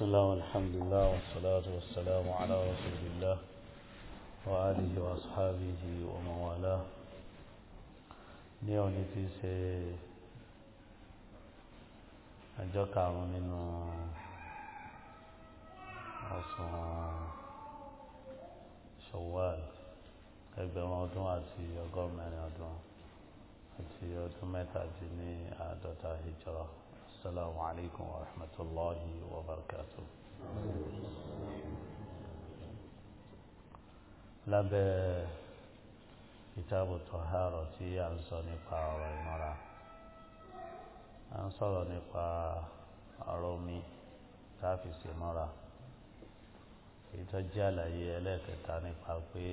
بسم الله والحمد لله والصلاة والسلام على رسول الله وآله وأصحابه ومن والاه اليوم نتيسي أجو كارو منو شوال ẹgbẹ̀rún ọdún àti ọgọ́mẹ́rin ọdún àti ọdún mẹ́tàdínláàádọ́ta hijra السلام عليكم ورحمة الله وبركاته لب كتاب الطهارة أنصر نقا ومرا أنصر نقا رومي تافس سمرا ìtọ́jà làyé ẹlẹ́ẹ̀kẹta nípa pé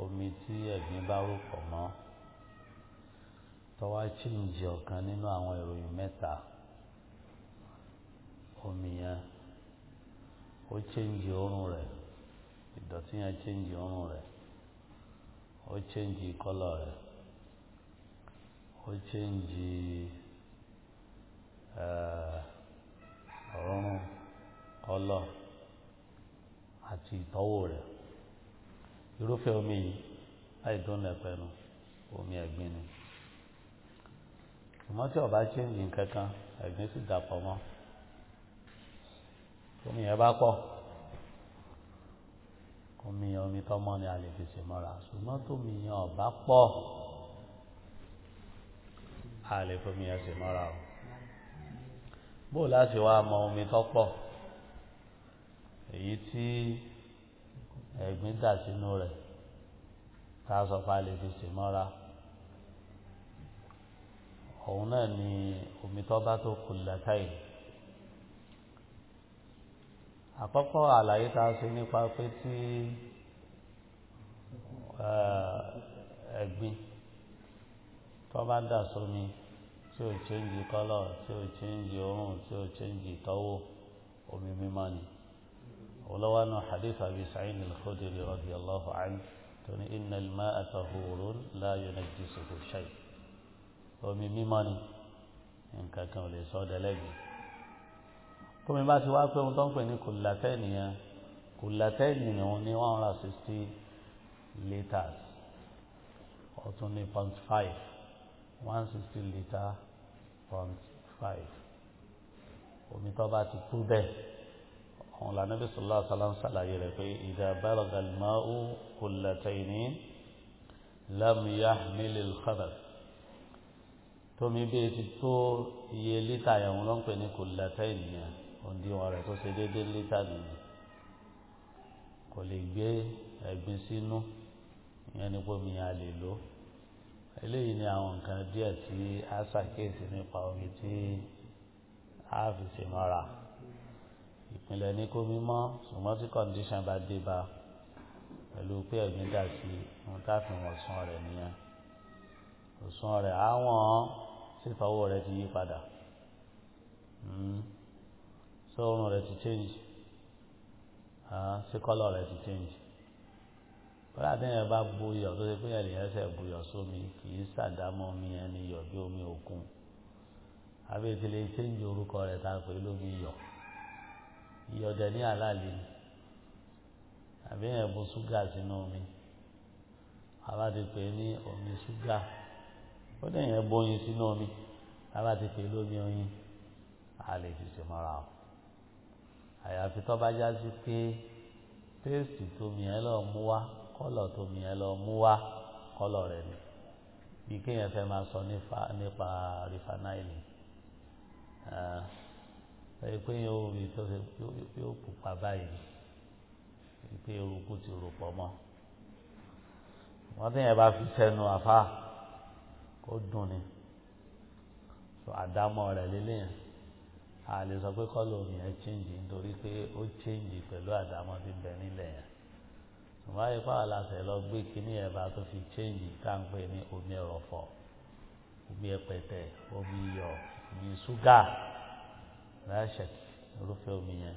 omi tí ẹ̀gbin bá rò pọ̀ mọ́ tọ́wáchínú jẹ́ ọ̀kan nínú àwọn ìròyìn mẹ́ta omi yẹn ó chẹ́ǹjì ọrùn rẹ̀ ìdọ̀tí yẹn chẹ́ǹjì ọrùn rẹ̀ ó chẹ́ǹjì kọ́lọ̀ rẹ̀ ó chẹ́ǹjì ọrùn kọ́lọ̀ àti ìtọ́wò rẹ̀ irúfẹ́ omi yìí láì dún lẹ́pẹ́ nu omi ẹ̀gbin ni ṣùgbọ́n tí ọba chíńjì kankan ẹ̀gbin sì dàpọ̀ mọ́ omi yẹn bá pọ̀ omi yẹn omi tọ́mọ́ ni a lè fi ṣèmọ́ra ṣùgbọ́n tómi yẹn ọba pọ̀ a lè fomi yẹn ṣèmọ́ra o bó láti wá mọ omi tó pọ̀ èyí tí ẹ̀gbin dà sínú rẹ̀ tá a sọ pé a lè fi ṣèmọ́ra òun náà ni omi tó bá tó kùlẹ̀káì àkọ́kọ́ àlàyé tá a ṣe nípa pé tí ẹ̀gbin tó bá dà sómi tí ò chéǹjì kọ́lọ̀ tí ò chéǹjì òórùn tí ò chéǹjì tọ́wọ́ omi mímọ́ ni olówánú hadith abi sa'id al-khudri radiyallahu anhu tó ní inna al-ma'a tahurun la yunajjisuhu omi mímọ́ ni nǹkan kan ò lè sọ ọdẹlẹ́gbẹ̀ tómi bá ti wá pé ohun tó ń pè ní kùlàtẹ́ẹ̀nì yẹn kùlàtẹ́ẹ̀nì òun ní one hundred and sixty litres ọ̀tún ní point five one sixty litre point five omi tó bá ti kú bẹ́ẹ̀ òun là níbi sọlá sàlám sàlàyé rẹ̀ pé ìdá balagal máa ń kùlàtẹ́ẹ̀nì lam yahmilil khabath tómi bí etí tó iye lítà ẹ̀hún ló ń pè ní kò lẹ́tà ènìyàn òǹdíwọ̀n rẹ̀ tó ṣe déédéé lítà nìyí kò lè gbé ẹ̀gbin sínú ìyẹn ní pé omi yẹn a lè lò eléyìí ni àwọn nǹkan díẹ̀ tí a ṣàkíyèsí nípa omi tí a fi ṣe mọ́ra ìpínlẹ̀ ní kó mímọ́ ṣùgbọ́n tí kọ́ndíṣàn bá dé bá pẹ̀lú pé ẹ̀gbin dà sí ohun tá a fi wọ̀n sún rẹ̀ nìyẹn òsùn rẹ̀ àwọn sífà owó rẹ ti yí padà sọ́run hmm. rẹ ti change sí ah, kọ́lọ̀ rẹ ti change kọ́lá tí yẹn bá buyọ̀ tó ṣe pé ẹ̀lì ẹsẹ̀ buyọ̀ sómi kì í ṣàdámọ́ omi yẹn ní iyọ̀ bí omi òkun àbí ìdílé change orúkọ rẹ̀ tá a pè lómi iyọ̀ iyọ̀ dẹ̀ ní àlàlé ni àbí yẹn bu ṣúgà sínú omi àbá ti pè ní omi ṣúgà ó dẹ̀ yẹn bóyin sínú omi lábàá ti fi lómi oyin a lè fi ṣe mọ́ra o àyàfi tó bá já sí pé téèsì tómi yẹn lọ mú wá kọ́lọ̀ tómi yẹn lọ mú wá kọ́lọ̀ rẹ̀ ni bí kéèyàn fẹ́ máa sọ nípa rìfánáìlì ẹ pé yẹn ó rí tó ṣe pé ó pupa báyìí pé eruku ti rò pọ̀ mọ́ wọ́n tẹ̀yẹ̀ bá fi sẹ́nu àfáà kó dùn ni so àdámọ́ rẹ̀ lélẹ́yìn a lè sọ pé kọ́lọ̀ omi yẹn change nítorí pé ó change pẹ̀lú àdámọ́ tí ń bẹ nílẹ̀ yẹn ṣùgbọ́n ayé pàwọn làṣẹ lọ gbé kíní ẹ̀ bá tó fi change káńpẹ́ ní omi ẹ̀rọ̀fọ̀ omi ẹ̀pẹ̀tẹ̀ omi iyọ̀ omi ṣúgà rẹ́ṣẹ̀ irúfẹ́ omi yẹn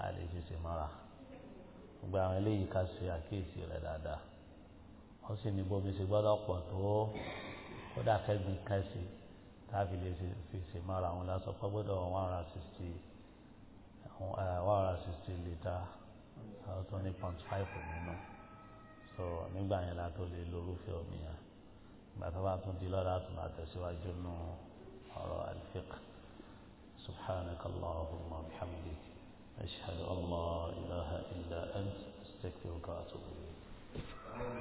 a lè ṣèṣe mọ́ra gbogbo àwọn eléyìí ká ṣe àkíyèsí rẹ̀ dáadáa wọ́n sì ní bómi ṣe gbọ́dọ̀ pọ̀ tó kódà kẹ́gbin kẹ́sì táàbì lè fi ṣe máa ra àwọn lásán pé gbọ́dọ̀ one hundred and sixty eh, one hundred and sixty litre àwọn point five nínú so nígbà yẹn la tó lè lórúfẹ́ omi yẹn ìgbà tó bá tún di lọ́dà tó máa tẹ̀síwájú nù ọ̀rọ̀ alfiq سبحانك اللهم وبحمدك أشهد أن لا إله إلا أنت استغفرك وأتوب إليك